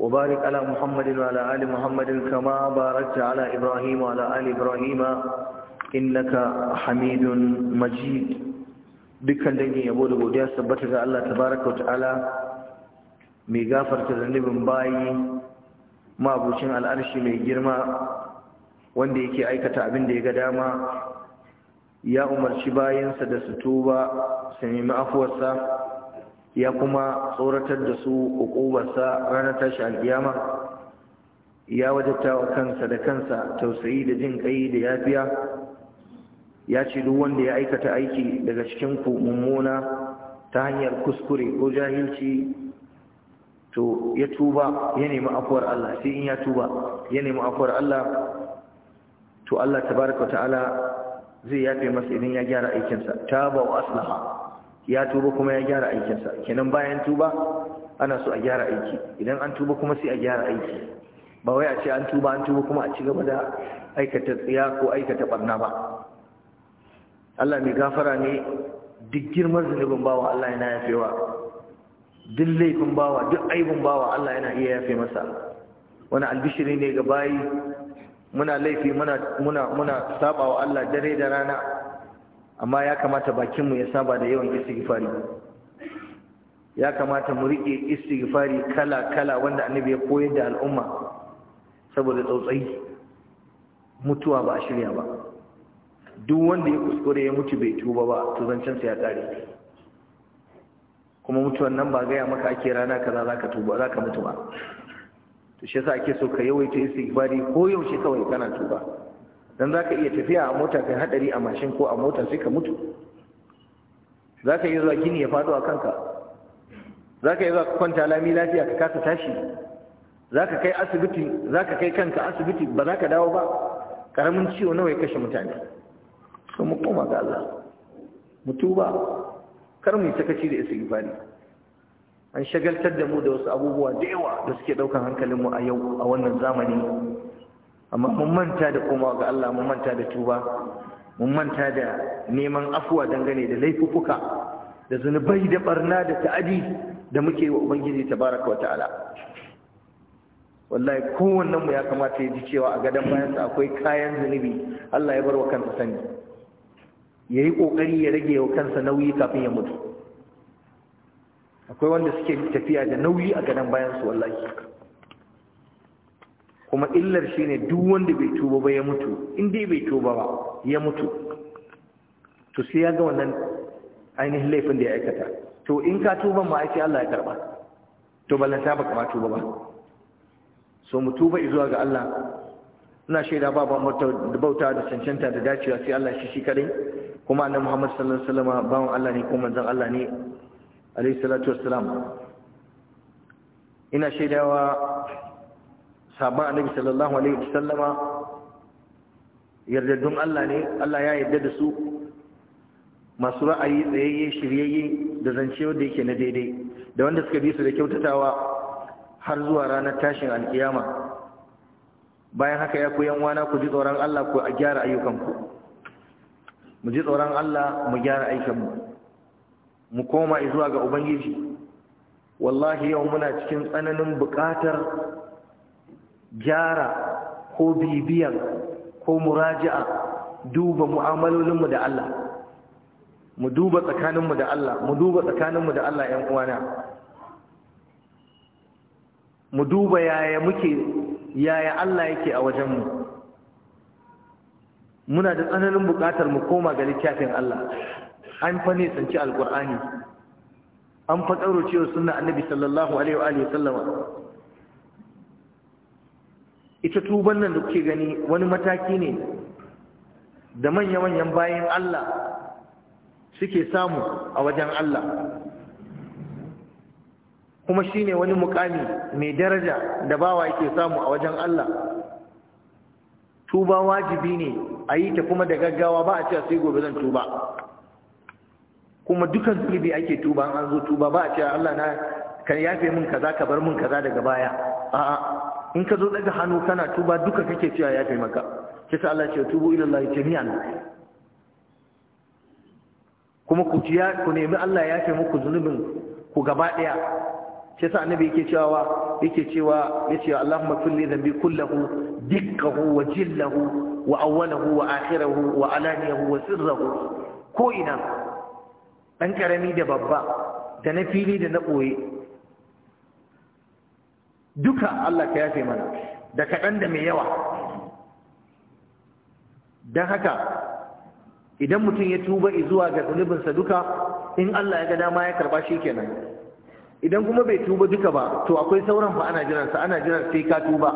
وبارك على محمد وعلى آل محمد كما باركت على إبراهيم وعلى آل إبراهيم إنك حميد مجيد dukkan dangin yabo da godiya sabbata ga Allah tabaraka wa ta'ala mai gafarta zunubin bayi mabucin al'arshi mai girma wanda yake aikata abin da ya ga dama ya umarci bayansa da su tuba su nemi afuwarsa ya kuma tsoratar da su uqubarsa ranar tashi alkiyama ya wajata wa kansa da kansa tausayi da jin kai da yafiya ya ce duk wanda ya aikata aiki daga cikin ku mummuna ta hanyar kuskure ko jahilci to ya tuba ya nemi afuwar Allah sai in ya tuba ya nemi afuwar Allah to Allah tabaraka ta'ala zai yafe masa idan ya gyara aikinsa taba wa aslaha ya tuba kuma ya gyara aikinsa kenan bayan tuba ana so a gyara aiki idan an tuba kuma sai a gyara aiki ba wai a ce an tuba an tuba kuma a ci gaba da aikata tsiya ko aikata barna ba Allah mai gafara ne duk girman zunubin bawa Allah yana yafewa duk laifin bawa duk aibin bawa Allah yana iya yafe masa wani albishiri ne ga bayi muna laifi muna muna muna sabawa Allah dare da rana amma ya kamata bakinmu ya saba da yawan istighfari ya kamata mu rike istighfari kala-kala wanda annabi ya koyar da al'umma saboda tsautsayi mutuwa ba a shirya ba duk wanda ya kuskure ya mutu bai tuba ba to zancen sa ya kare kuma mutuwan nan ba gaya maka ake rana kaza zaka tuba zaka mutu ba to shi yasa ake so ka yawaita istighfari ko yaushe kawai kana tuba dan za ka iya tafiya a mota kai hadari a mashin ko a mota sai ka mutu za ka iya zuwa gini ya faɗo a kanka za ka iya zuwa kwanta lami lafiya ka kasa tashi za ka kai asibiti za ka kai kanka asibiti ba za ka dawo ba ƙaramin ciwo nawa ya kashe mutane sun mu koma ga Allah mutu ba kar mu yi sakaci da istighfari an shagaltar da mu da wasu abubuwa da yawa da suke ɗaukar hankalinmu a yau a wannan zamani amma mun manta da komawa ga Allah mun manta da tuba mun manta da neman afuwa dangane da laifuffuka da zunubai da barna da ta'adi da muke wa ubangiji tabaraka wa ta'ala wallahi kowannen mu ya kamata ya ji cewa a gadon sa akwai kayan zunubi Allah ya bar wa kansa sani ya yi ya rage wa kansa nauyi kafin ya mutu akwai wanda suke tafiya da nauyi a gadon su wallahi kuma illar ne duk wanda bai tuba ba ya mutu inda bai tuba ba ya mutu to sai ya ga wannan ainihin laifin da ya aikata to in ka tuba ma aiki Allah ya karba to balanta baka ma tuba ba so mu tuba zuwa ga Allah ina shaida ba ba mata bauta da cancanta da dacewa sai Allah shi shi kadai kuma annabi Muhammad sallallahu alaihi wasallam bawon Allah ne kuma manzon Allah ne alaihi salatu wassalam ina shaidawa sabon annabi sallallahu alaihi wasallama yardadun Allah ne Allah ya yarda da su masu ra'ayi tsayayye shiryayye da zance wanda yake na daidai da wanda suka bi su da kyautatawa har zuwa ranar tashin alkiyama bayan haka ya ku yanwana ku ji tsoron Allah ku a gyara ayyukanku mu ji tsoron Allah mu gyara aikanmu mu koma zuwa ga ubangiji wallahi yau muna cikin tsananin buƙatar gyara ko bibiyan ko muraji'a duba mu'amalolinmu da Allah mu duba tsakaninmu da Allah mu duba tsakaninmu da Allah ƴan uwana mu duba yaya muke yaya Allah yake a wajenmu muna da tsananin buƙatar mu koma ga littafin Allah an fa ne tsanci alƙur'ani an fa tsaro cewa sunna annabi sallallahu alaihi wa alihi sallama ita tuban nan da kuke gani wani mataki ne da manya-manyan bayan Allah suke samu a wajen Allah kuma shine wani mukami mai daraja da bawa yake samu a wajen Allah tuba wajibi ne a yi ta kuma da gaggawa ba a cewa sai gobe zan tuba kuma dukan zunubi ake tuba an zo tuba ba a cewa Allah na ka yafe min kaza ka bar min kaza daga baya a'a in ka zo daga hannu kana tuba duka kake cewa ya taimaka sa Allah ya ce tubu ila Allah jami'an kuma ku ciya ku nemi Allah ya taimaka muku zunubin ku gaba daya sa annabi yake cewa yake cewa yace Allahumma kulli dhanbi kullahu dikkahu wa jillahu wa awwalahu wa akhirahu wa alaniyahu wa sirruhu ko ina dan karami da babba da na fili da na boye duka Allah ka yafe mana da kaɗan da mai yawa don haka idan mutum ya tuba zuwa ga zunubinsa duka in Allah ya ga dama ya karɓa shi kenan idan kuma bai tuba duka ba to akwai sauran fa ana jiransa ana jiran sai ka tuba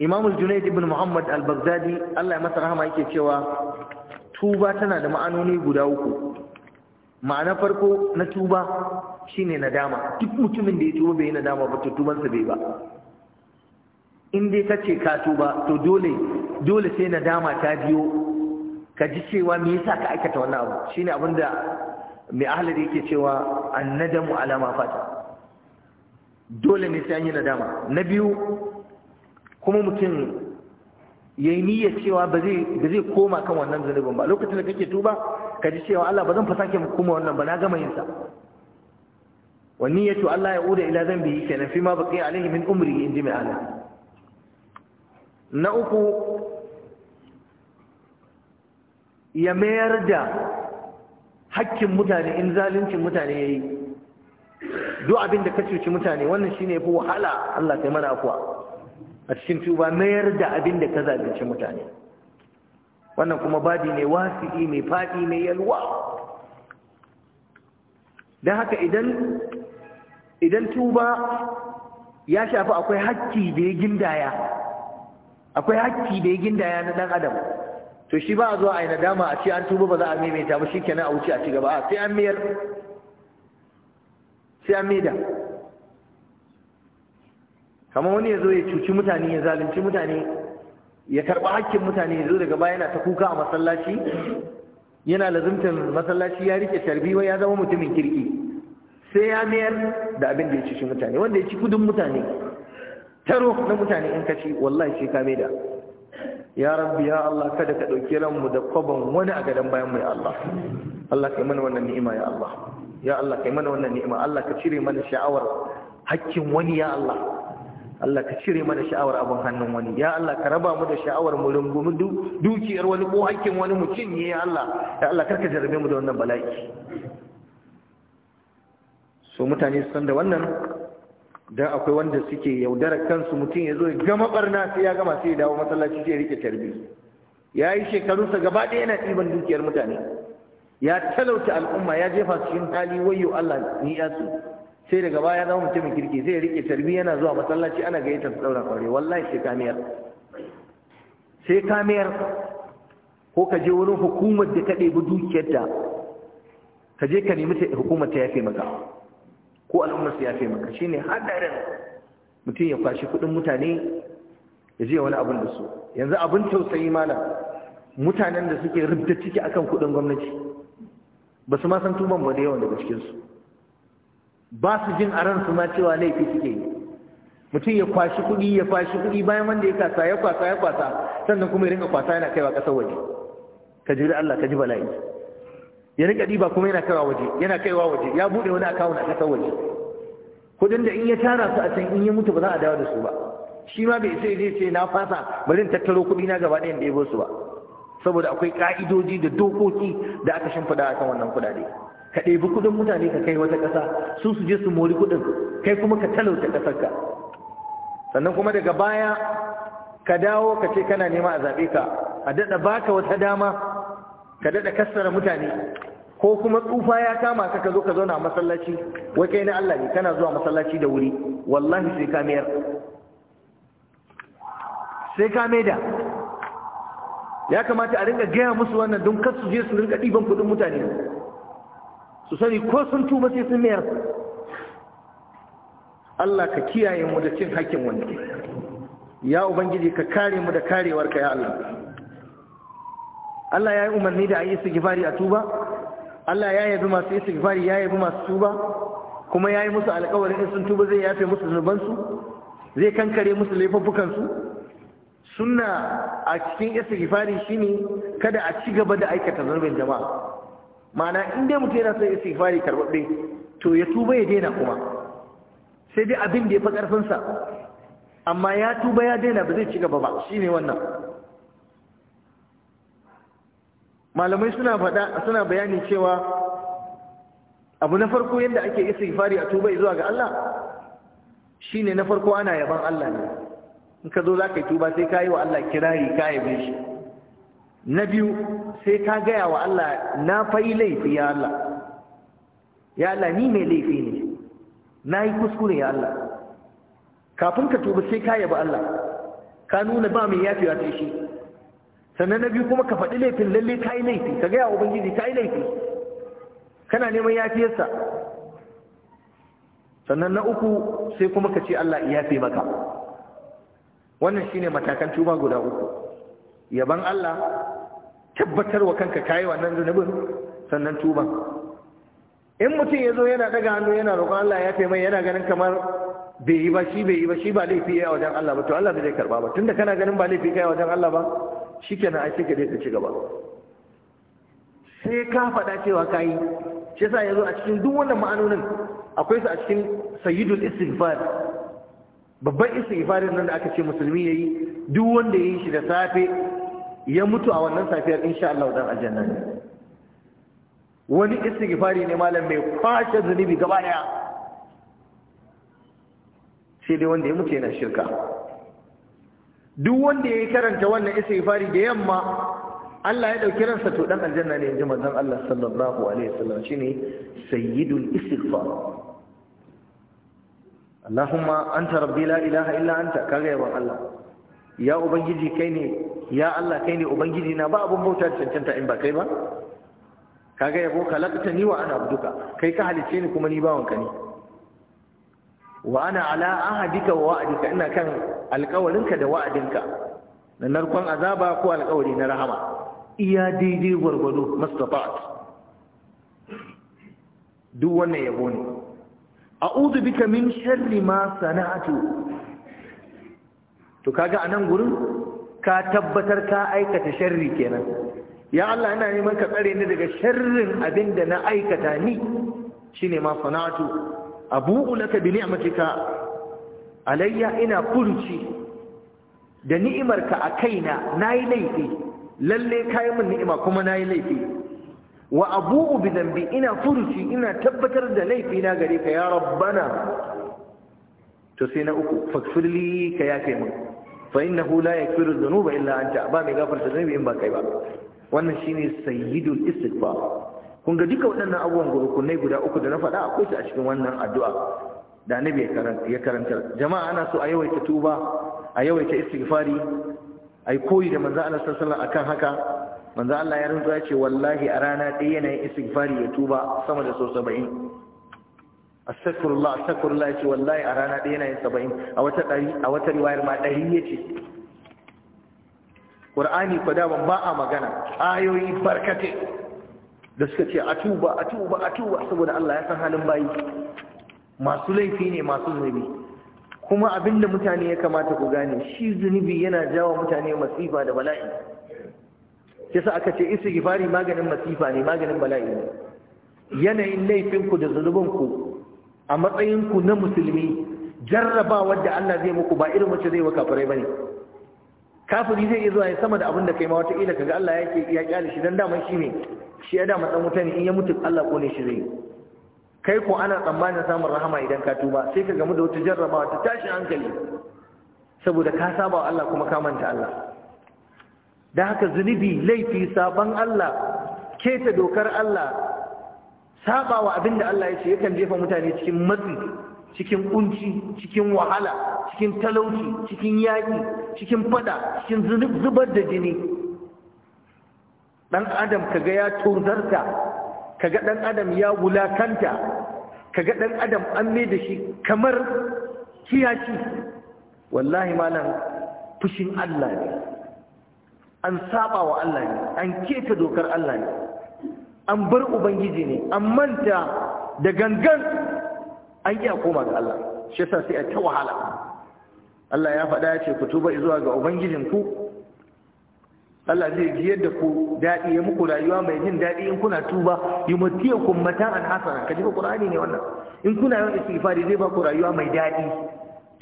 Imam Junayd ibn Muhammad al-Baghdadi Allah ya masa rahama yake cewa tuba tana da ma'anoni guda uku ma'ana farko na tuba shine nadama duk mutumin da ya tuba bai nadama ba to tubansa bai ba in dai ka ce ka tuba to dole dole sai nadama ta biyo ka ji cewa me yasa ka aikata wannan abu shine abin da mai ahli da yake cewa annadamu ala ma fata dole ne sai an yi nadama na biyu kuma mutum ya yi niyyar cewa ba zai koma kan wannan zunubin ba lokacin da kake tuba ka ji cewa Allah ba zan fasa ke koma wannan ba na gama yinsa. ya niyyatu Allah ya uda ila zambi kenan fi ma baqiya alaihi min umri in ji mai na uku ya mayar da hakkin mutane in zaluncin mutane yayi duk abin da ka cuci mutane wannan shine fi wahala Allah kai mana afwa a cikin tuba mayar da abin da ka zalunci mutane wannan kuma badi ne wasi'i mai faɗi mai yalwa dan haka idan idan tuba ya shafi akwai hakki da ya gindaya akwai hakki da ya gindaya na dan adam to shi ba a zuwa a yi nadama a ce an tuba ba za a maimaita ba shi kenan a wuce a ci gaba sai an mayar sai an maida kamar wani ya zo ya cuci mutane ya zalunci mutane ya karɓi hakkin mutane ya zo daga baya yana ta kuka a masallaci yana lazimtar masallaci ya rike tarbiyyar, ya zama mutumin kirki sai ya mayar da abin da ya ci mutane wanda ya ci kudin mutane taro na mutane in ka ci wallahi sai ka maida ya rabbi ya Allah kada ka ɗauki ranmu da kwaban wani a gadon bayan mai Allah Allah kai mana wannan ni'ima ya Allah ya Allah kai mana wannan ni'ima Allah ka cire mana sha'awar hakkin wani ya Allah Allah ka cire mana sha'awar abin hannun wani ya Allah ka raba mu da sha'awar mu mu dukiyar wani ko hakkin wani mu cinye ya Allah ya Allah karka jarabe mu da wannan bala'i so mutane su san da wannan dan akwai wanda suke yaudara kansu mutum ya zo ya gama barna sai ya gama sai ya dawo masallaci sai ya rike tarbi ya yi shekarunsa gaba ɗaya yana ɗiban dukiyar mutane ya talauta al'umma ya jefa su cikin hali wayo Allah ni ya su sai daga baya zama mutumin kirki sai ya rike tarbi yana zuwa masallaci ana gayyata su daura kware, wallahi sai kamiyar sai kamiyar ko ka je wurin hukumar da ka ɗebi dukiyarta ka je ka nemi hukumar ta yafe maka ko al'ummar su ya fi maka ne haɗarin mutum ya kwashi kudin mutane ya zai wani abin da su yanzu abin tausayi mana mutanen da suke rubda ciki akan kudin gwamnati ba su ma san tuban ba da yawan daga cikinsu. ba su jin a ransu ma cewa laifi suke yi mutum ya kwashi kudi ya kwashi kudi bayan wanda ya kasa ya kwasa ya kwasa sannan kuma ya rinka kwasa yana kaiwa kasar waje ka ji Allah ka ji bala'i ya rika diba kuma yana kaiwa waje yana kaiwa waje ya bude wani akawun a kasar waje kudin da in ya tara su a can in ya mutu ba za a dawo da su ba shi ma bai sai zai ce na fasa bari in tattaro kuɗi na gaba ɗayan da ya su ba saboda akwai ka'idoji da dokoki da aka shimfiɗa akan wannan kuɗaɗe ka ɗebi kuɗin mutane ka kai wata ƙasa su su je su mori kuɗin kai kuma ka talauta ka. sannan kuma daga baya ka dawo ka ce kana nema a zaɓe ka a daɗa baka wata dama ka daɗa kassara mutane ko kuma tsufa ya kama ka ka zo ka zauna a masallaci wai kai na Allah ne kana zuwa masallaci da wuri wallahi sai ka mayar sai ka maida ya kamata a rinka gaya musu wannan don kar su je su rinka ɗiban kuɗin mutane su sani ko sun tuba sai sun mayar Allah ka kiyaye mu da cin hakkin wani ya ubangiji ka kare mu da karewarka ya Allah Allah ya yi umarni da a yi a tuba Allah ya yabi masu istighfari ya yabi masu tuba kuma ya yi musu alƙawarin in sun tuba zai yafe musu zunubansu zai kankare musu su, sunna a cikin istighfari shine kada a ci gaba da aikata zunubin jama'a ma'ana in dai mutum yana son istighfari karbabbe to ya tuba ya daina kuma sai dai abin da ya fi ƙarfinsa amma ya tuba ya daina ba zai ci gaba ba shine wannan malamai suna faɗa suna bayani cewa abu na farko yadda ake isa ifari a tuba zuwa ga Allah Shi ne na farko ana yaban Allah ne in ka zo za ka yi tuba sai ka yi wa Allah kirari ka yabe shi na biyu sai ka gaya wa Allah na fa'i laifi ya Allah ya Allah ni mai laifi ne na yi kuskure ya Allah kafin ka tuba sai ka yabi Allah ka nuna ba mai yafi sai shi sannan na biyu kuma ka faɗi laifin lalle ka yi laifi ka gaya ubangiji ka yi laifi kana neman yafiyarsa sannan na uku sai kuma ka ce Allah ya fi maka wannan shine matakan tuba guda uku yaban Allah tabbatar wa kanka kayi wannan zunubin sannan tuba. in mutum ya zo yana daga hannu yana roƙon Allah ya fi mai yana ganin kamar bai yi ba shi bai yi ba shi ba laifi ya wajen Allah ba to Allah bai zai karba ba tunda kana ganin ba laifi kai wajen Allah ba shikenan ai sai ka ka ci gaba sai ka faɗa cewa ka yi shi yasa yanzu a cikin duk wannan ma'anonin akwai su a cikin sayidul istighfar babban istighfarin nan da aka ce musulmi yayi duk wanda yayi shi da safe ya mutu a wannan safiyar insha Allah dan aljanna ne wani istighfari ne malam mai kwashe zunubi gaba daya sai dai wanda ya mutu yana shirka duk wanda ya yi karanta wannan isa ya istighfari da yamma Allah ya ɗauki ransa to dan aljanna ne inji manzon Allah sallallahu alaihi wasallam shine sayyidul istighfar Allahumma anta rabbi la ilaha illa anta kaga yawan Allah ya ubangiji kai ne ya Allah kai ne ubangiji na ba abun bauta da cancanta in ba kai ba kaga yabo kalakta ni wa ana abduka kai ka halice ni kuma ni bawanka ne wa ana ala ahadika wa wa'adika ina kan alkawarinka da wa'adinka na narkon azaba ko alkawari na rahama iya daidai gwargwado mustafat duk wannan yabo ne uzu bika min sharri ma sana'atu to kaga anan gurin ka tabbatar ka aikata sharri kenan ya Allah ina neman ka tsare ni daga sharrin abinda na aikata ni shine ma sana'atu abu'u laka bi ni'matika alayya ina furuci da ni'imarka a kaina nayi laifi lalle kayi min ni'ima kuma nayi laifi wa abu'u bi ina furuci ina tabbatar da laifi na gare ka ya rabbana to sai na uku fakfirli ka yafe min fa innahu la yakfiru dhunuba illa anta ba mai gafarta zunubi in ba kai ba wannan shine sayyidul istighfar kun ga duka waɗannan abubuwan rukunai guda uku da na faɗa akwai su a cikin wannan addu'a da annabi ya karanta jama'a ana so a yawaita tuba a yawaita istighfari ai koyi da manzo Allah sallallahu alaihi wasallam akan haka manzo Allah ya rantsa ya ce wallahi a rana ɗaya yana yin istighfari ya tuba sama da so 70 astaghfirullah astaghfirullah ce wallahi a rana ɗaya yana yin 70 a wata ɗari a wata riwayar ma ɗari yace Qur'ani fa da ba a magana ayoyi barkate da suka ce a tuba a tuba a tuba saboda Allah ya san halin bayi masu laifi ne masu zunubi kuma abinda mutane ya kamata ku gane shi zunubi yana jawo mutane masifa da bala'i yasa aka ce istighfari maganin masifa ne maganin bala'i ne yanayin laifinku da zunubanku a matsayinku na musulmi jarraba wadda Allah zai muku ba irin wacce zai wa kafirai bane kafiri zai iya zuwa ya sama da abin da kai ma wata ila kaga Allah yake ya kyale shi dan daman shi ne shi ya da matsan mutane in ya mutu Allah kone shi zai kai ko ana tsammanin samun rahama idan ka tuba sai ka gamu da wata jarrabawa ta tashi hankali saboda ka saba wa Allah kuma ka manta Allah da haka zunubi laifi saban Allah keta dokar Allah saba wa abin da Allah ya ce yakan jefa mutane cikin matsi cikin kunci cikin wahala cikin talauci cikin yaƙi cikin fada cikin zubar da jini dan adam kaga ya tozarta kaga ɗan adam ya wulakanta kaga ɗan adam an mai da shi kamar kiyashi wallahi malam fushin Allah ne an saba wa Allah ne an keta dokar Allah ne an bar ubangiji ne an manta da gangan an iya koma ga Allah shi yasa sai a ta wahala Allah ya faɗa ya ce ku tuba zuwa ga ubangijinku Allah zai ji yadda ku daɗi ya muku rayuwa mai jin daɗi in kuna tuba yi mutiya kun mata an hasana ka jifa ƙur'ani ne wannan in kuna yawan istighfari zai ba ku rayuwa mai daɗi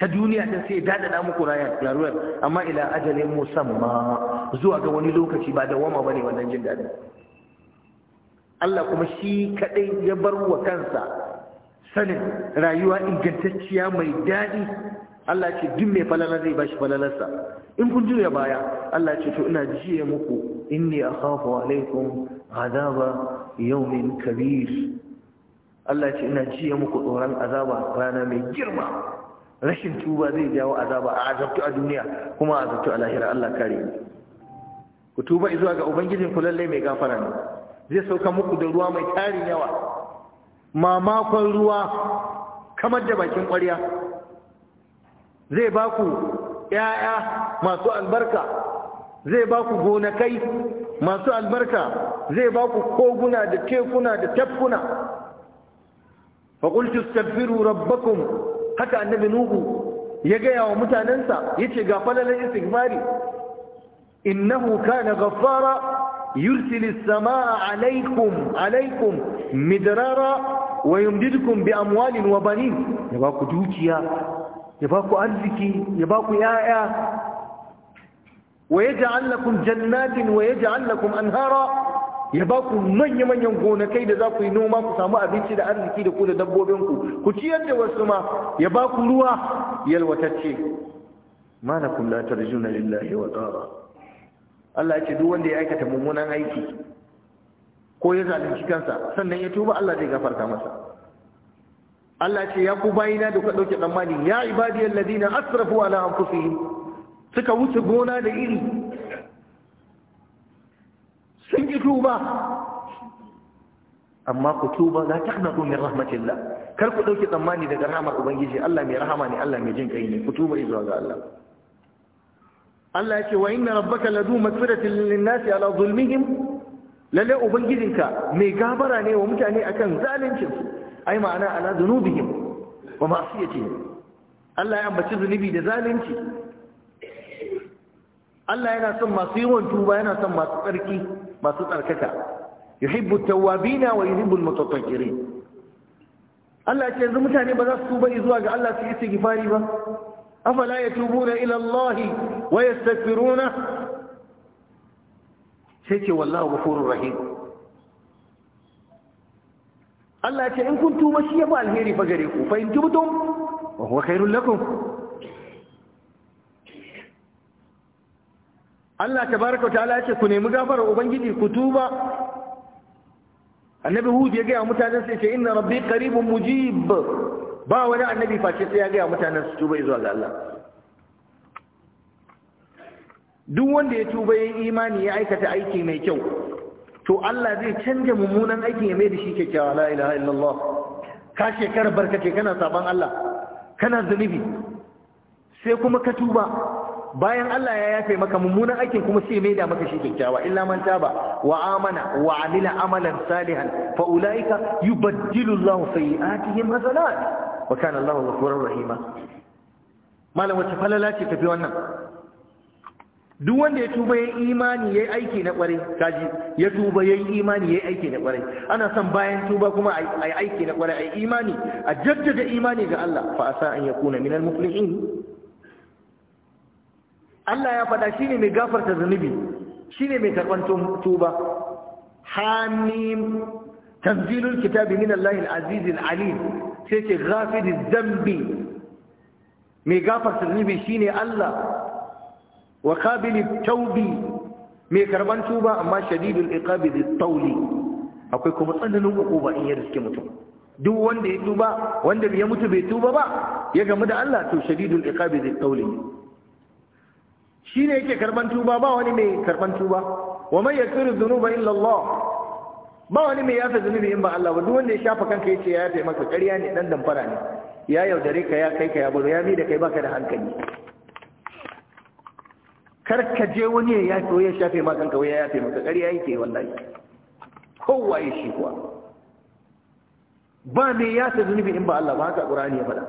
ta duniya ta sai daɗaɗa muku rayuwar amma ila ajalin musamma zuwa ga wani lokaci ba dawama ba ne wannan jin daɗi Allah kuma shi kaɗai ya bar wa kansa sanin rayuwa ingantacciya mai daɗi Allah ce duk mai falala zai bashi falalarsa in kun juya baya Allah ce to ina jiye muku inni akhafu alaikum azaba yawmin kabir Allah ce ina jiye muku tsoron azaba rana mai girma rashin tuba zai jawo azaba a azabtu a duniya kuma a azabtu a lahira Allah kare ni ku tuba zuwa ga ubangijin ku lalle mai gafara ne zai sauka muku da ruwa mai tarin yawa mamakon ruwa kamar da bakin ƙwarya zai ba ku ‘ya'ya masu albarka zai ba ku gonakai masu albarka zai ba ku koguna da tekuna da tafkuna faƙulci stafiru rabbakun haka annabi nuhu ya gaya wa mutanensa ya ce ga falalar istighfari innahu kana ghaffara yursilis samaa alaikum alaikum midrara wa yumdidukum bi amwalin wa banin ya ba ku dukiya ya ba ku arziki ya ba ku ‘ya'ya wa ya lakum jannatin wa lakum anhara ya ba ku manya-manyan gonakai da za ku yi noma ku samu abinci da arziki da ku da dabbobinku ku ciyar da wasu ma ya ba ku ruwa yalwatacce ma na kula lillahi wa tsara Allah ya ce duk wanda ya aikata mummunan aiki ko ya zalunci kansa sannan ya tuba Allah zai gafarta masa Allah ce ya ku bayina da ku dauke tsammani ya ibadiyal ladina asrafu ala anfusihim suka wuce gona da iri sun ki tuba amma ku tuba za la taqnatu min rahmatillah kar ku dauke tsammani daga rahmar ubangiji Allah mai rahama ne Allah mai jin kai ne ku tuba zuwa ga Allah Allah ya ce wa inna rabbaka ladu maghfiratin lin nasi ala zulmihim lalle ubangijinka mai gabara ne wa mutane akan zalincin su ai ma'ana ala zunubihim wa ma'siyatihim Allah ya ambaci zunubi da zalunci Allah yana son masu yawan tuba yana son masu tsarki masu tsarkaka yuhibbu tawwabina wa yuhibbu almutatahhirin Allah ce yanzu mutane ba za su tuba zuwa ga Allah su yi istighfari ba afala yatubuna ila Allah wa yastaghfiruna sai ce wallahu ghafurur rahim Allah ya ce in kun tuba shi ya fi alheri fa gare ku fa in tubtum wa huwa khairul lakum Allah tabaaraka wa ta'ala ya ce ku nemi gafara ubangiji ku tuba annabi hud ya gaya mutanen sai ce inna rabbi qaribun mujib ba wani annabi ce sai ya gaya mutanen su tuba zuwa ga Allah duk wanda ya tuba yayin imani ya aikata aiki mai kyau to Allah zai canza mummunan aikin ya mai da shi kyakkyawa la ilaha illallah ka shekara barkace kana saban Allah kana zunubi sai kuma ka tuba bayan Allah ya yafe maka mummunan aikin kuma sai mai da maka shi kyakkyawa illa man taba wa amana wa amila amalan salihan fa ulaika yubaddilu Allahu sayiatihim hasanat wa kana Allahu ghafurur rahima malam wacce falala ce tafi wannan duk wanda ya tuba yayi imani yayi aiki na kware, kaji ya tuba yayi imani yayi aiki na kware, ana son bayan tuba kuma ai aiki na kware ai imani a jaddada imani ga Allah fa asa an yakuna minal muflihin Allah ya faɗa shine mai gafarta zunubi shine mai karban tuba hamim tanzilul kitabi min Allahil azizil alim sai ce ghafiriz zambi mai gafarta zunubi shine Allah wa kabili taubi mai karban tuba amma shadidul iqabi da tauli akwai kuma tsananin hukuma in ya riske mutum duk wanda ya tuba wanda ya mutu bai tuba ba ya gamu da Allah to shadidul iqabi da tauli shine yake karban tuba ba wani mai karban tuba wa man yaghfiru dhunuba illa Allah ba wani mai yafa zunubi in ba Allah ba duk wanda ya shafa kanka yace ya yafe maka ƙarya ne dan damfara ne ya yaudare ka ya kai ka ya baro ya mi da kai baka da hankali kar ka je wani ya yafe ya shafe ma kanka ya yafe maka ƙarya yake wallahi kowa ya shi kuwa ba me ya ta zunubi in ba Allah ba haka ne ya faɗa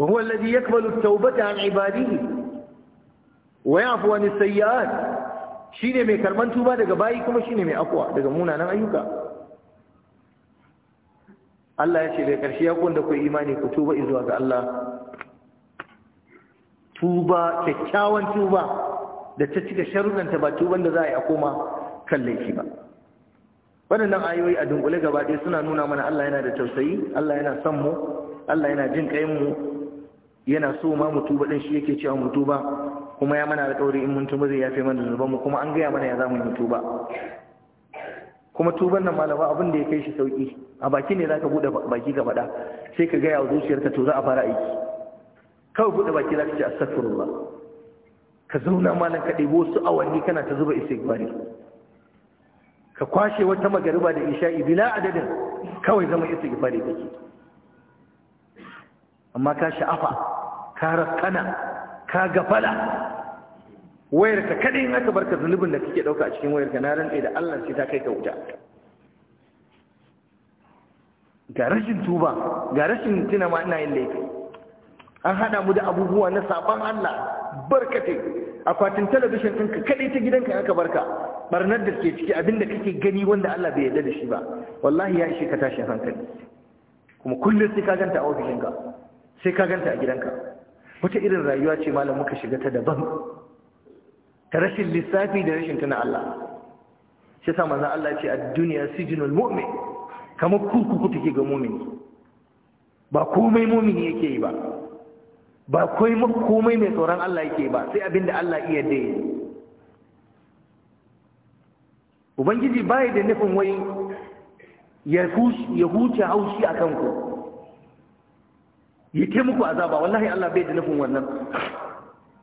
wa huwa alladhi yaqbalu at-taubata an ibadihi wa ya'fu an as-sayyi'at shine mai karman tuba daga bayi kuma shine mai afwa daga munanan ayyuka Allah ya ce da karshe ya kunda ku imani ku tuba zuwa ga Allah tuba kyakkyawan tuba da ta cika sharuɗanta ba tuban da za a yi a koma kan laifi ba waɗannan ayoyi a dunkule gaba ɗaya suna nuna mana Allah yana da tausayi Allah yana son mu Allah yana jin kai mu yana so ma mu tuba din shi yake cewa mu tuba kuma ya mana alƙawari in mun tuba zai yafe mana zunuban mu kuma an gaya mana ya zamu yi tuba kuma tuban nan malama abin da ya kai shi sauki a baki ne zaka buɗe baki gaba ɗaya sai ka gaya wa zuciyarka to za a fara aiki kawai buɗe baki za ka ce astaghfirullah ka zauna malam ka ɗebo wasu awanni kana ta zuba isa istighfari ka kwashe wata magariba da isha'i bila adadin kawai zama isa da kake amma ka sha'afa ka rakkana ka gafala wayarka na in aka barka zunubin da kake ɗauka a cikin wayarka na rantsa da Allah sai ta kai ka wuta ga rashin tuba ga rashin tuna ma ina yin laifi an hada mu da abubuwa na sabon Allah barkatai akwatin talabishin ɗinka kaɗai ta gidanka aka barka Ɓarnar da ke ciki abinda kake gani wanda Allah bai yarda da shi ba wallahi ya ishe ka tashin hankali kuma kullum sai ka ganta a ofishinka sai ka ganta a gidanka wata irin rayuwa ce malam muka shiga ta daban ta rashin lissafi da rashin tuna Allah shi sa manzan Allah ce a duniya sijnul mu'min kamar kurkuku take ga mu'mini ba komai mu'mini yake yi ba ba kai komai mai tsoron Allah yake ba sai abinda Allah iya yi ubangiji baya da nufin wai ya huce haushi a kanku ya ke muku azaba wallahi Allah bai da nufin wannan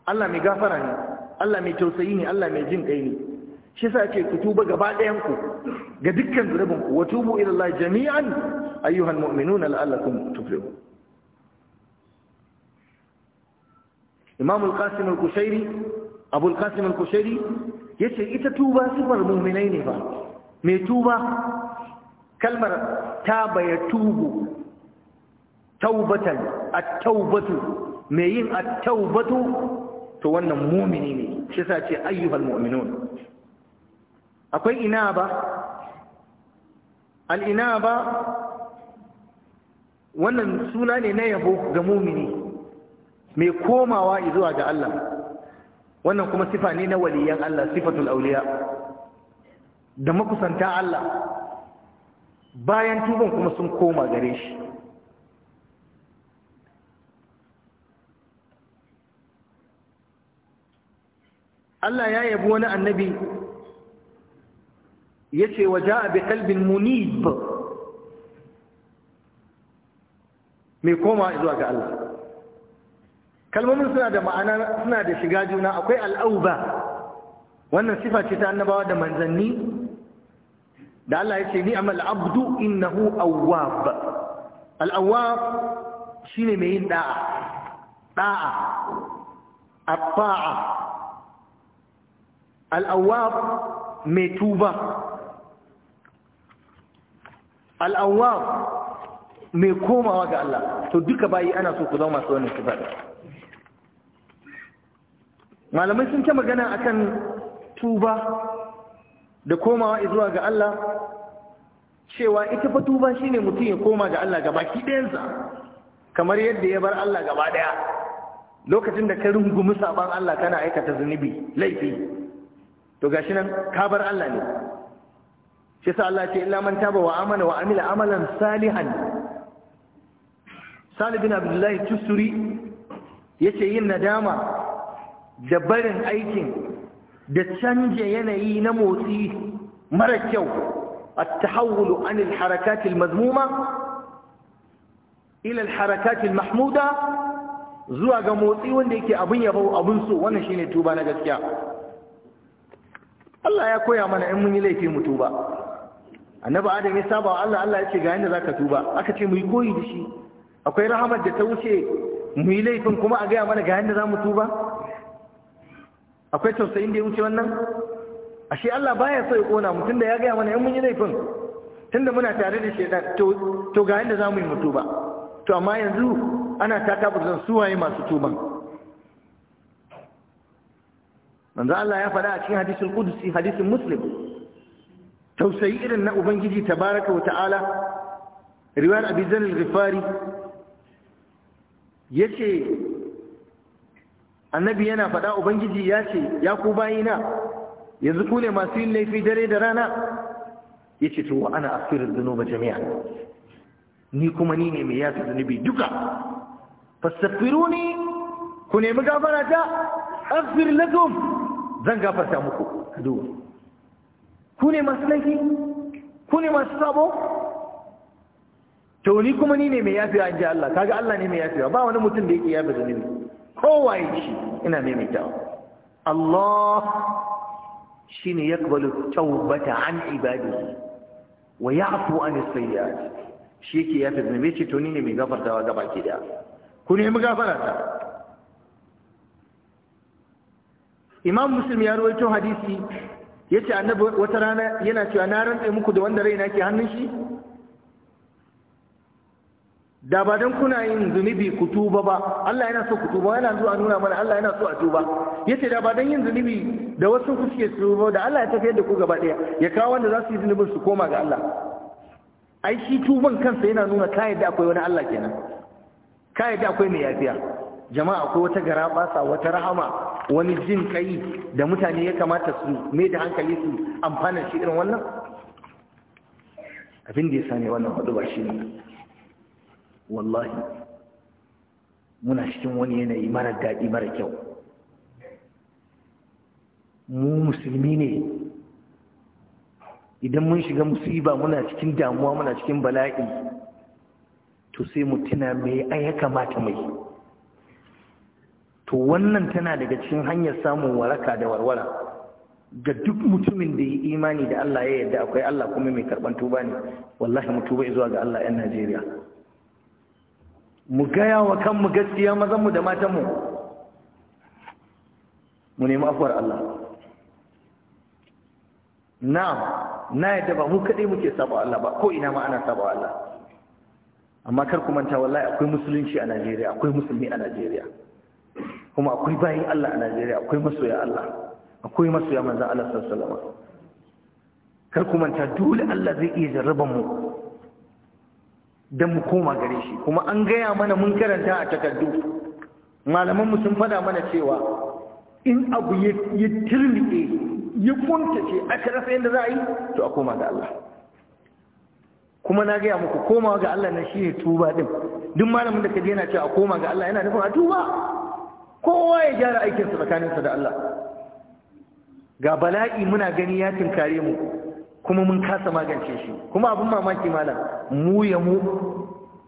Allah mai gafara ne Allah mai tausayi ne Allah mai jin kai ne shi yasa ce ku tuba gaba ɗayan ku ga dukkan zunubin ku wa tubu ila Allah jami'an ayyuhal mu'minuna la'allakum tuflihun imam al-qasim al-kushairi abu al-qasim al-kushairi yace ita tuba sifar mu'minai ne ba mai tuba kalmar taba ya tubu taubatan at-taubatu mai yin at-taubatu to wannan mu'mini ne shi yasa ce ayyuhal mu'minun akwai inaba al-inaba wannan suna ne na yabo ga mu'mini mai komawa zuwa ga Allah wannan kuma sifa ne na waliyan Allah sifatul auliya da makusanta Allah bayan tuban kuma sun koma gare shi Allah ya yabi wani annabi ya ce wa ja'a bi kalbin munib mai koma zuwa ga Allah kalmomin suna da ma'ana suna da shiga juna akwai al'auba wannan sifa ce ta annabawa da manzanni da Allah ya ce ni amal abdu innahu awwab al'awwab shine mai yin da'a da'a abba'a al'awwab mai tuba al'awwab mai komawa ga Allah to duka bayi ana so ku zama masu wannan sifa malamai sun ta magana akan tuba da komawa zuwa ga Allah cewa ita fa tuba shine mutum ya koma ga Allah gaba ki ɗayansa kamar yadda ya bar Allah gaba ɗaya lokacin da ka rungumi saban Allah kana aikata zunubi laifi to gashi nan ka bar Allah ne shi sa Allah ce illa man taba wa amana wa amila amalan salihan Salih bin Abdullahi Tusuri yace yin nadama da barin aikin da canja yanayi na motsi mara kyau tahawulu an الحركات Mazmuma, ila الحركات Mahmuda, zuwa ga motsi wanda yake abin yabo abin so wannan shine tuba na gaskiya Allah ya koya mana in mun yi laifi mu tuba annabi adam ya saba Allah Allah ya ce ga yanda zaka tuba aka ce mu yi koyi da shi akwai rahamar da ta wuce mu yi laifin kuma a gaya mana ga yanda zamu tuba akwai tausayin da ya wuce wannan ashe Allah baya so ya kona mu tunda ya gaya mana 'yan mun yi laifin tunda muna tare da shedan to to ga yanda zamu yi mu tuba to amma yanzu ana ta su suwaye masu tuba manzo Allah ya faɗa a cikin hadisul qudsi hadisin muslim tausayi irin na ubangiji tabaraka wa ta'ala riwayar abi zan al-ghifari yace annabi yana faɗa ubangiji ya ce ya ku bayina yanzu ku ne masu yin laifi dare da rana ya ce to ana asirin zunuba jami'a ni kuma ni ne mai yasa zunubi duka fastafiru ne ku nemi gafara ta asir lakum zan gafarta muku kado ku ne masu laifi ku ne masu sabo to ni kuma ni ne mai yafiya an ji Allah kaga Allah ne mai yafiya ba wani mutum da yake yafi zunubi kowaye shi ina maimaitawa Allah shine yakbalu tawbata an ibadihi wa ya'fu an sayyi'at shi yake yafi me ce to ni ne mai gafartawa gaba ke da ku nemi gafara ta Imam Muslim ya rawaito hadisi yace annabi wata rana yana cewa na rantsa muku da wanda raina ke hannun shi da ba don kuna yin zunubi ku tuba ba Allah yana so ku tuba yana a nuna mana Allah yana so a tuba yace da ba don yin zunubi da wasu ku suke tuba da Allah ya tafiyar da ku gaba daya ya kawo wanda za su yi zunubin su koma ga Allah ai shi tuban kansa yana nuna ka yadda akwai wani Allah kenan ka yadda akwai mai yafiya jama'a akwai wata gara basa wata rahama wani jin kai da mutane ya kamata su mai da hankali su amfana shi irin wannan abin da ya sani wannan hudu ba shi ne wallahi muna cikin wani yanayi mara daɗi mara kyau mu musulmi ne idan mun shiga musiba muna cikin damuwa muna cikin bala'i to sai mu tuna ai ya kamata mai to wannan tana daga cikin hanyar samun waraka da warwara ga duk mutumin da yi imani da Allah ya yarda akwai Allah kuma mai karban tuba ne wallahi mu tuba zuwa ga Allah 'yan Najeriya mu gaya wa kanmu gaskiya mazanmu da matanmu mu nemi afuwar Allah Na, na yadda ba mu kaɗai muke saba Allah ba ko ina ma ana saba Allah amma kar ku manta wallahi akwai musulunci a Najeriya akwai musulmi a Najeriya kuma akwai bayin Allah a Najeriya akwai masoya Allah akwai masoya manzon Allah sallallahu alaihi wasallam kar ku manta dole Allah zai iya jarraban mu don mu koma gare shi kuma an gaya mana mun karanta a takardu malamanmu sun fada mana cewa in abu ya turmiƙe ya kuntace aka rasa yadda za a yi to a koma ga Allah kuma na gaya muku komawa ga Allah na shi ne tuba din duk malamin da ka yana cewa a koma ga Allah yana nufin a tuba kowa ya gyara aikinsa tsakaninsa da Allah ga bala'i muna gani ya tinkare mu kuma mun kasa magance shi kuma abin mamaki malam mu ya mu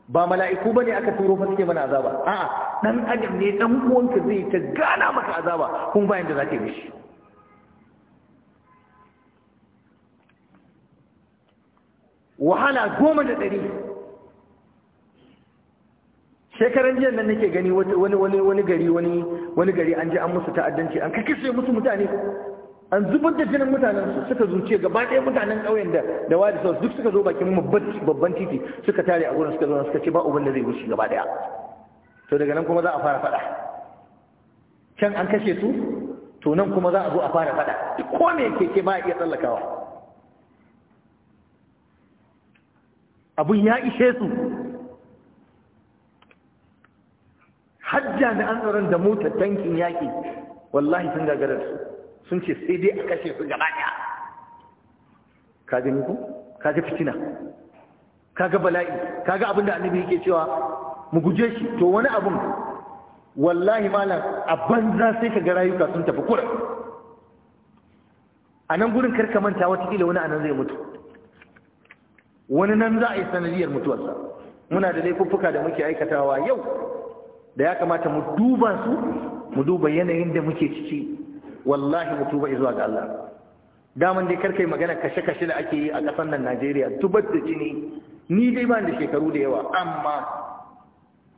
ba mala'iku bane aka turo fa suke mana azaba a'a dan adam ne dan uwanka zai ta gana maka azaba kuma bayan da zaka yi mishi. wahala goma da ɗari shekaran jiya nan nake gani wani wani gari wani gari an je an musu ta'addanci an kakkashe musu mutane an zubar da jinin mutanen su suka zuce gaba ɗaya mutanen ƙauyen da da wadi sau duk suka zo bakin babban titi suka tare a gurin suka zo suka ce ba uban da zai wuce gaba ɗaya to daga nan kuma za a fara faɗa can an kashe su to nan kuma za a zo a fara faɗa duk ko me keke ba iya tsallakawa abun ya ishe su hajja da an tsaron da motar tankin yaƙi wallahi sun gagarar su sun ce sai dai a kashe su gaba ɗaya ka ji ku? ka ji fitina ka ga bala'i ka ga abin da annabi yake cewa mu guje shi to wani abun wallahi malam a banza sai ka ga rayuka sun tafi kura a nan gurin karka manta watakila wani a nan zai mutu wani nan za a yi sanadiyar mutuwarsa muna da laifuffuka da muke aikatawa yau da ya kamata mu duba su mu duba yanayin da muke ciki wallahi mu tuba zuwa ga Allah daman dai karkai magana kashe-kashe da ake yi a kasar nan Najeriya tubar da jini ni dai ba da shekaru da yawa amma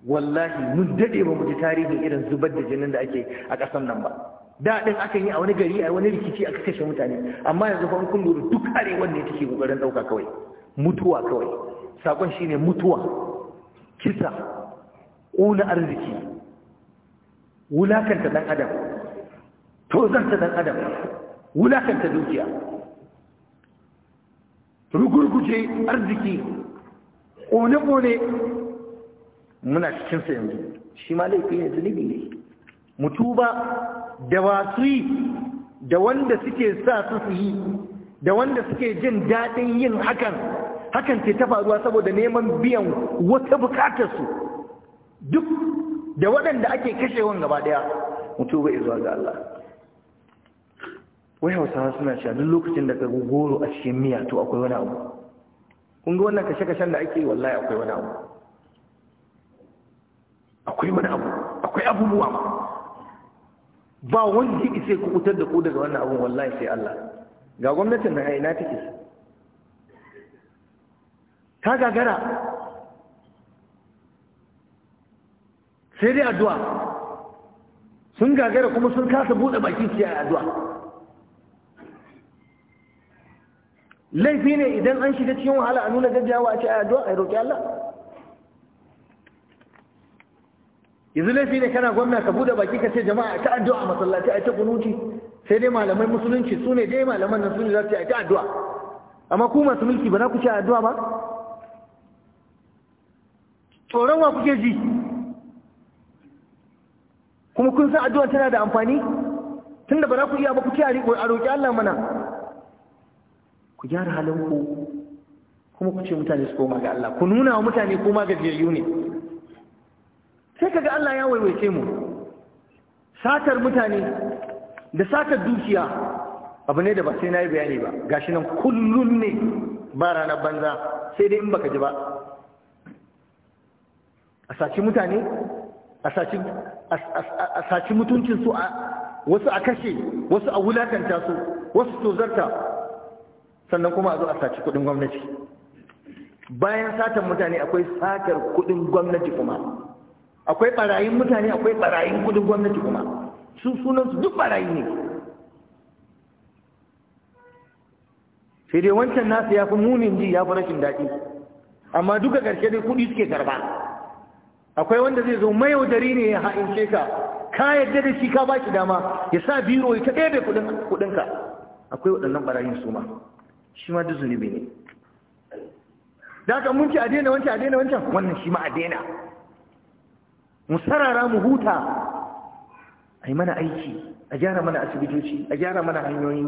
wallahi mun dade ba mu ji tarihin irin zubar da jinin da ake a kasar nan ba da din akan yi a wani gari a wani rikici a kashe mutane amma yanzu fa kun lura duk arewa ne take kokarin dauka kawai mutuwa kawai sakon shine mutuwa kisa ƙona arziki wulakanta dan adam to zanta dan adam wulakanta dukiya rugurguje arziki ƙone-ƙone muna cikinsa yanzu shi ma laifi ne zunubi ne mutuba da wasu da wanda suke sa su su yi da wanda suke jin daɗin yin hakan hakan ce ta faruwa saboda neman biyan wata su, duk da waɗanda ake kashewan gaba ɗaya mutuba izuwa ga Allah wai hausawa suna cewa duk lokacin da ka goro a cikin miya to akwai wani abu kun ga wannan kashe-kashen da ake wallahi akwai wani abu akwai wani abu akwai abubuwa ba wanda yake sai kubutar da ku daga wannan abun wallahi sai Allah ga gwamnatin na ta take ta gagara sai dai addu'a sun gagara kuma sun kasa bude baki su yi addu'a laifi ne idan an shiga cikin wahala a nuna gaggawa a ce a addu'a a roƙi Allah yanzu laifi ne kana gwamna ka buɗe baki ka ce jama'a ta addu'a a masallaci a ta kunuci sai dai malamai musulunci su ne dai malaman nan su ne za su ce a ta addu'a amma ku masu mulki ba na ku ce addu'a ba tsoron wa kuke ji kuma kun san addu'a tana da amfani tunda ba za ku iya ba ku ce a roƙi Allah mana ku gyara halinku kuma ku ce mutane su koma ga Allah ku nuna wa mutane koma ga jiyayyu ne sai kaga Allah ya waiwaice mu satar mutane da satar dukiya abu ne da ba sai yi bayani ba gashi nan kullun ne ba ranar banza sai dai in baka ji ba a saci mutane a saci a mutuncin su a wasu a kashe wasu a wulakanta su wasu tozarta sannan kuma a zo a saci kudin gwamnati bayan satan mutane akwai satar kudin gwamnati kuma akwai barayin mutane akwai barayin kudin gwamnati kuma su sunansu duk barayi ne sai dai wancan nasu ya fi munin ji ya fi rashin daɗi amma duka ƙarshe dai kuɗi suke karba akwai wanda zai zo mayaudari ne ya ha'ince ka ka yadda da shi ka ba shi dama ya sa biro ya ta ɗaya da kuɗinka akwai waɗannan barayin su ma shi ma duk zunubi ne da haka mun ci a daina wancan a daina wancan wannan shi ma a daina mu sarara mu huta a mana aiki a gyara mana asibitoci a gyara mana hanyoyi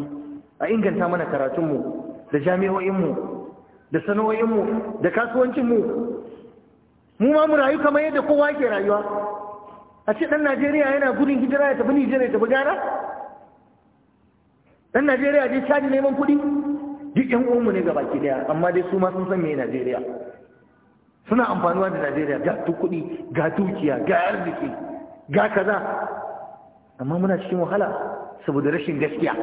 a inganta mana karatunmu da jami'o'inmu da sana'o'inmu da kasuwancinmu mu ma mu rayu kamar yadda kowa ke rayuwa a ce ɗan najeriya yana gudun hijira ya tafi Nijeriya ya tafi gara ɗan najeriya je cadi neman kuɗi duk yan uwanmu ne gaba ki daya amma dai su ma sun san me Najeriya suna amfanuwa da Najeriya ga kuɗi ga dukiya ga arziki ga kaza amma muna cikin wahala saboda rashin gaskiya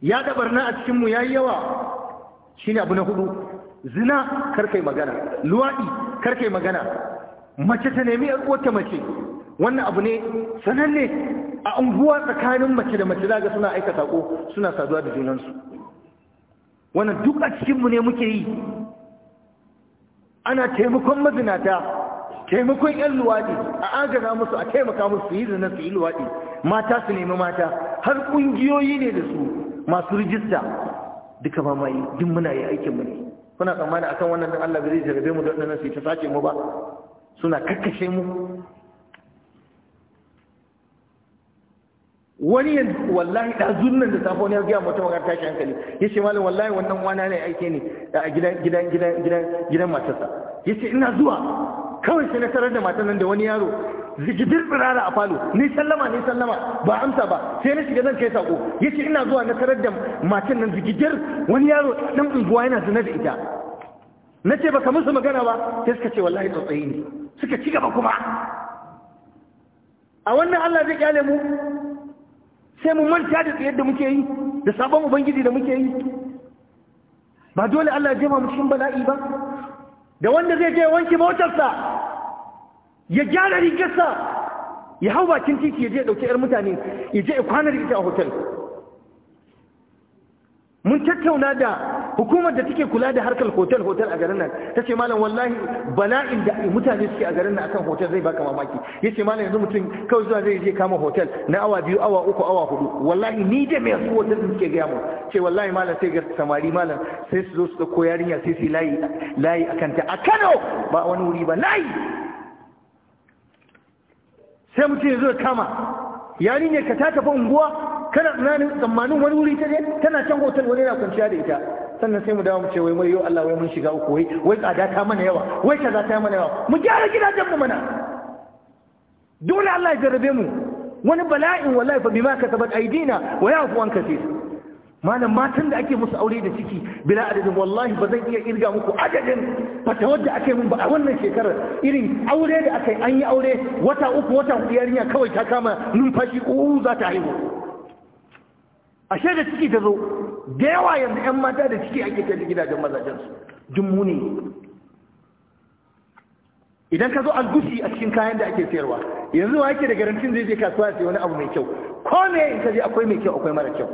ya da barna a cikinmu ya yi yawa shine abu na hudu zina karkai magana luwaɗi karkai magana mace ta nemi uwarta mace wannan abu ne sananne a unguwa tsakanin mace da mace zaga suna aika sako suna saduwa da junansu wannan duk a cikinmu ne muke yi ana taimakon mazinata taimakon yan luwaɗi a agana musu a taimaka musu su yi zina su yi luwaɗi mata su nemi mata har ƙungiyoyi ne da su masu rijista duka ba mai duk muna yi aikinmu ne kuna tsammani akan wannan Allah bai zai jarabe mu da waɗannan su ta sace mu ba suna kakkashe mu wani yanzu wallahi da zunnan da safe wani ya gaya mutum ga tashi hankali ya ce malam wallahi wannan wana ne aike ne a gidan gidan gidan gidan gidan matarsa ya ce ina zuwa kawai sai na tarar da matan nan da wani yaro zigidir tsirara a falo ni sallama ni sallama ba amsa ba sai na shiga zan kai sako ya ce ina zuwa na tarar da matan nan zigidir wani yaro dan unguwa yana zina da ita na ce baka musu magana ba sai suka ce wallahi tsautsayi ne suka ci gaba kuma a wannan Allah zai kyale mu sai mu manta da tsayar da muke yi da sabon ubangiji da muke yi ba dole Allah ya jema mu cikin bala'i ba da wanda zai je wanke motarsa ya gyara rigarsa ya hau bakin titi ya je dauke yar mutane ya je ya kwana da ita a hotel mun tattauna da hukumar da take kula da harkar hotel hotel a garin nan ta ce malam wallahi bala'in da mutane suke a garin nan akan hotel zai baka mamaki ya ce malam yanzu mutum kawai zuwa zai je kama hotel na awa biyu awa uku awa hudu wallahi ni da mai su hotel suke gaya mu ce wallahi malam sai ga samari malam sai su zo su dauko yarinya sai su layi layi akan ta a Kano ba wani wuri ba layi sai mutum ya zo kama yarinya ka ta tafi unguwa kana tunanin tsammanin wani wuri ta je tana can hotel wani yana kwanciya da ita sannan sai mu dawo mu ce wai yau Allah wai mun shiga uku wai wai tsada ta mana yawa wai kaza ta mana yawa mu gyara gidajen mu mana dole Allah ya jarrabe mu wani bala'in wallahi fa bima kasabat aidina wa yafu an kaseer malam matan da ake musu aure da ciki bila adadin wallahi ba zan iya kirga muku adadin fatawar da ake mun ba a wannan shekarar irin aure da aka yi an yi aure wata uku wata hudu yarinya kawai ta kama numfashi ko za ta haihu ashe da ciki ta zo da yawa yanzu 'yan mata da ciki ake kai gidajen mazajensu dummu ne idan ka zo gushi a cikin kayan da ake sayarwa yanzu wa yake da garantin zai je kasuwa ya wani abu mai kyau ko me in ka je akwai mai kyau akwai mara kyau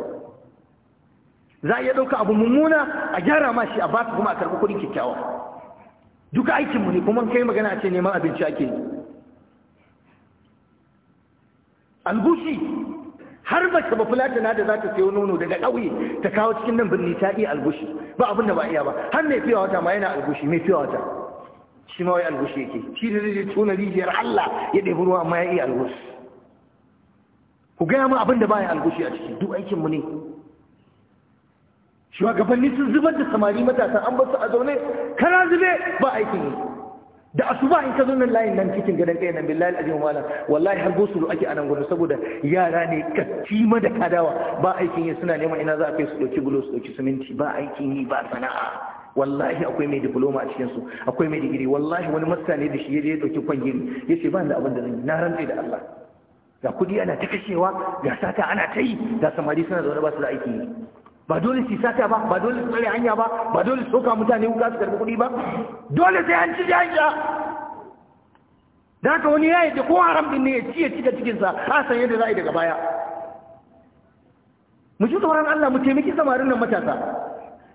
za a iya ɗauka abu mummuna a gyara ma shi a ba kuma a karɓi kuɗin kyakkyawa duka aikinmu ne kuma kai magana a ce neman abinci ake yi algushi har ka ba fulatana da za ta sayo nono daga ƙauye ta kawo cikin nan birni ta iya albushi ba abin da ba iya ba har mai fiya wata ma yana albushi mai fiya wata shi ma wai albushi yake shi da zai tona rijiyar Allah ya ɗebi ruwa amma ya iya albushi ku gaya mu abin da baya albushi a ciki duk aikin mu ne shugabanni sun zubar da samari matasa an basu a zaune kana zube ba aikin yi da asuba in ka zo nan layin nan cikin gidan kai nan billahi alazim wala wallahi har gusulu ake anan gudu saboda yara ne kacci ma da kadawa ba aikin yi suna neman ina za a kai su dauki bulo su dauki siminti ba aikin yi ba sana'a wallahi akwai mai diploma a cikin su akwai mai digiri wallahi wani masta ne da shi ya dauki kwangiri yace ba da abin da zan yi na rantse da Allah ga kudi ana ta kashewa ga sata ana ta yi ga samari suna zaune ba su da aikin yi ba dole su sata ba ba dole su tsare hanya ba ba dole su soka mutane wuka su karbi kuɗi ba dole sai an ci jaja da haka wani ya da ko haram din ne ya ci ya cikin cikinsa a san yadda za a yi daga baya mu ji tsoron Allah mu taimaki samarin nan matasa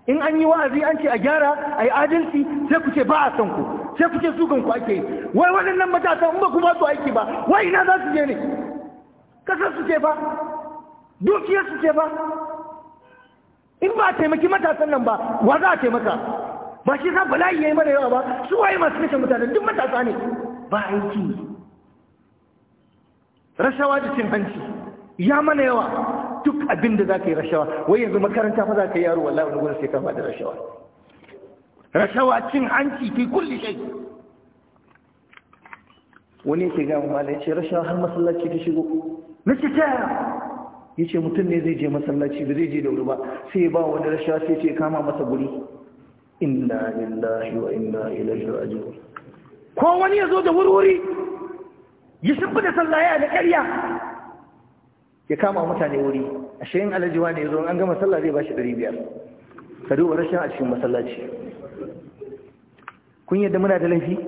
in an yi wa'azi an ce a gyara a yi adalci sai ku ce ba a son ku sai ku ce sukan ku ake yi wai waɗannan matasa in ba ku ba su aiki ba wai ina za su je ne kasar su ce fa dukiyar su ce fa in ba a taimaki matasan nan ba wa za a taimaka ba shi za bala'i ya yi mana yawa ba su waye masu kashe mutane duk matasa ne ba aiki rashawa da cin hanci ya mana yawa duk abin da za ka yi rashawa wai yanzu makaranta fa za ka yi yaro wallahi wani gudu sai kama da rashawa rashawa cin hanci fi kulli shai wani yake gama malai ce rashawa har masallaci ta shigo na ce ta yara ya ce mutum ne zai je masallaci da zai je da wuri ba sai ba wani rasha sai ce kama masa guri inna lillahi wa inna ilaihi raji'un ko wani ya zo da wurwuri ya shimfi da sallaya da ƙarya ya kama mutane wuri a shayin alajiwa ne ya zo an gama sallah zai ba shi ɗari biyar ka duba rashin a cikin masallaci kun yadda muna da laifi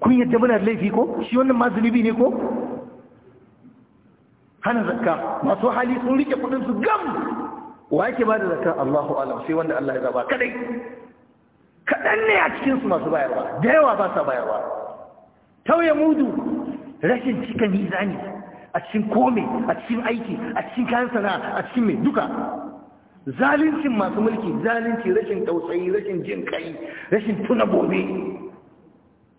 kun yadda muna da laifi ko shi wannan ma zunubi ne ko hana zakka masu hali sun rike kudin su gam wa yake ba da zakka Allahu alam sai wanda Allah ya zaba kadai kadan ne a cikinsu masu bayarwa da yawa ba sa bayarwa tauye mudu rashin cika mizani a cikin kome a cikin aiki a cikin kayan sana'a a cikin mai duka Zalunci masu mulki zalunci rashin tausayi rashin jin kai rashin tuna gobe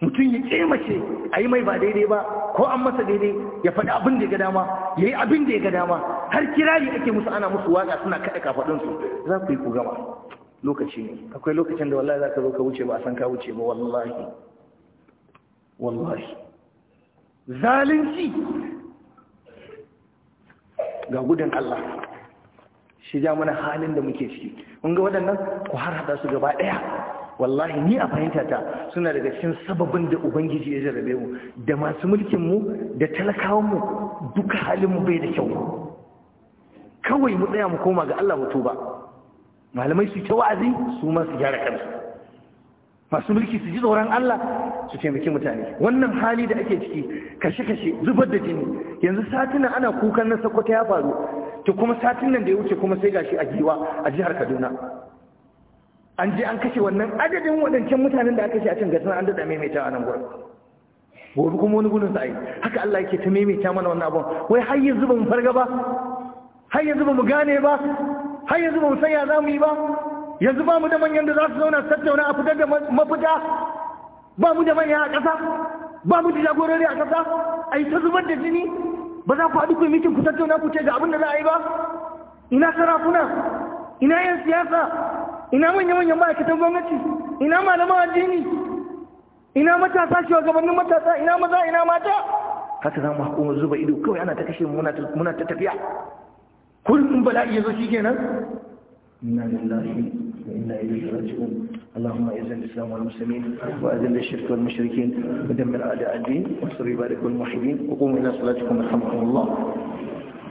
mutum ya ce mace a yi mai ba daidai ba ko an masa daidai ya faɗi abin da ya ga dama ya yi abin da ya ga dama har kirari ake musu ana musu waƙa suna kaɗa kafaɗinsu za ku yi ku gama lokaci ne akwai lokacin da wallahi za ka zo ka wuce ba a san ka wuce ba wallahi wallahi zalunci ga gudun Allah shi ja mana halin da muke ciki mun ga waɗannan ku har hada su gaba ɗaya wallahi ni a fahimta ta suna daga cikin sababin da ubangiji ya jarabe mu da masu mulkin mu da talakawan mu duka halin mu bai da kyau kawai mu tsaya mu koma ga Allah mu tuba malamai su ta wa'azi su ma su gyara kansu masu mulki su ji tsoron Allah su taimaki mutane wannan hali da ake ciki kashe-kashe zubar da jini yanzu satina ana kukan na sakwata ya faru to kuma satinan da ya wuce kuma sai gashi a giwa a jihar Kaduna an je an kashe wannan adadin waɗancan mutanen da aka shi a can gasar an daɗa maimaita a nan gurin gobe kuma wani gudun sa'ayi haka Allah yake ta maimaita mana wannan abin wai har yanzu ba mu farga ba har yanzu ba mu gane ba har yanzu ba mu sanya za mu yi ba yanzu ba mu da manyan da za su zauna su tattauna a fitar da mafita ba mu da manya a ƙasa ba mu da jagorori a ƙasa a yi ta zubar da jini ba za ku haɗu ku yi mikin ku tattauna ku ce ga abin da za a yi ba ina sarafuna ina yan siyasa ina manya-manyan ma'aikatan gwamnati ina malaman addini ina matasa wa gabanin matasa ina maza ina mata haka za mu hukumar zuba ido kawai ana ta kashe muna ta tafiya kullum bala'i ya zo shi kenan inna lillahi وإنا إليه راجعون اللهم أعز الإسلام والمسلمين وأذل الشرك والمشركين ودمر أعداء الدين وانصر عبادك الموحدين وقوموا إلى صلاتكم الحمد لله